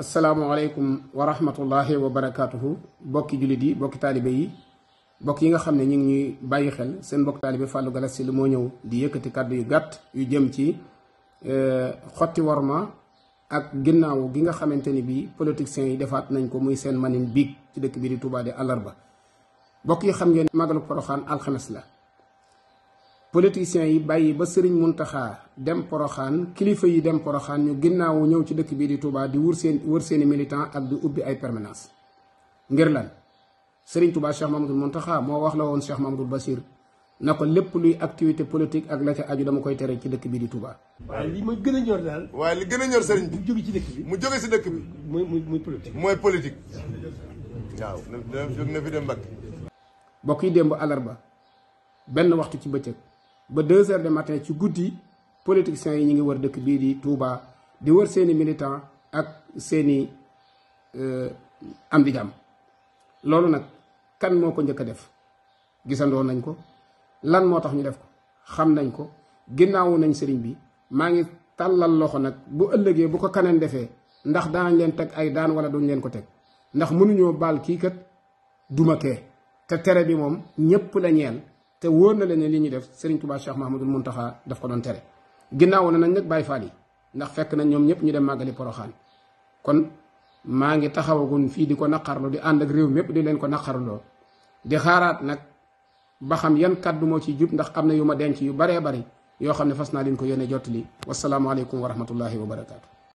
asalaamualeykum wa rahmatullahi wa barakaatuhu bokki jullit yi bokki taalibe yi bokk yi nga xam ne ñu ngi ñuy bàyyi xel seen bokk taalibe Fallou Galass Syll moo ñëw di yëkkati kàddu yu gàtt yu jëm ci euh, xotti warma ak ginnaaw gi nga xamante ni bii politiciens yi defaat nañ ko muy seen manin biig ci dëkk bi di Touba di ba bokk yi xam ngeen magalu Poroxaan alxames la politiciens yi bàyyi ba sëriñ taxaa dem poroxaan kilifa yi dem poroxaan ñu ginnaawu ñëw ci dëkk bii di Touba di wur seen wur seeni militant ak di ubbi ay permanence ngir lan sëriñ Touba Cheikh Mamadou taxaa moo wax la woon Cheikh Mamadou Bachir na ko lépp luy activité politique ak la ca aju dama koy teree ci dëkk bii di Touba. waaye li ma gën a ñor daal. waaye li gën a ñor sëriñ bi. mu jóge ci dëkk bi mu jóge si dëkk bi. mooy mooy politique. mooy politique. waaw dem Mbacke. mbokk yi benn waxtu ci bëccëg. ba deux heures de matin ci guddi politiciens yi ñu ngi wër dëkk bii di Touba di war seeni militan ak seeni euh, am di jàmm loolu nag kan moo ko njëkk a def gisandoo nañ ko lan moo tax ñu def ko xam nañ ko ginnaawu nañ sëriñ bi maa ngi tàllal loxo nag bu ëllëgee bu ko kaneen defee ndax danañ leen teg ay daan wala duñ leen ko teg ndax mënuñoo baal kii kat duma kee te tere bi moom ñépp la ñeel te wóor na leen ne li ñuy def Serigne Touba Cheikh Mahamadul Muntaxa daf ko doon tere ginnaaw na nañ nag Baye Fall yi ndax fekk na ñoom ñëpp ñu dem màggali poroxaan kon maa ngi taxawagun fii di ko naqarlu di ànd ak réew mépp di leen ko naqarloo di xaaraat nag ba xam yan kàddu moo ciy jub ndax am na yu ma denc yu baree bari yoo xam ne fas naa leen ko yéene jottali wasalaamualeykum wa rahmatullahi wa barakaatu.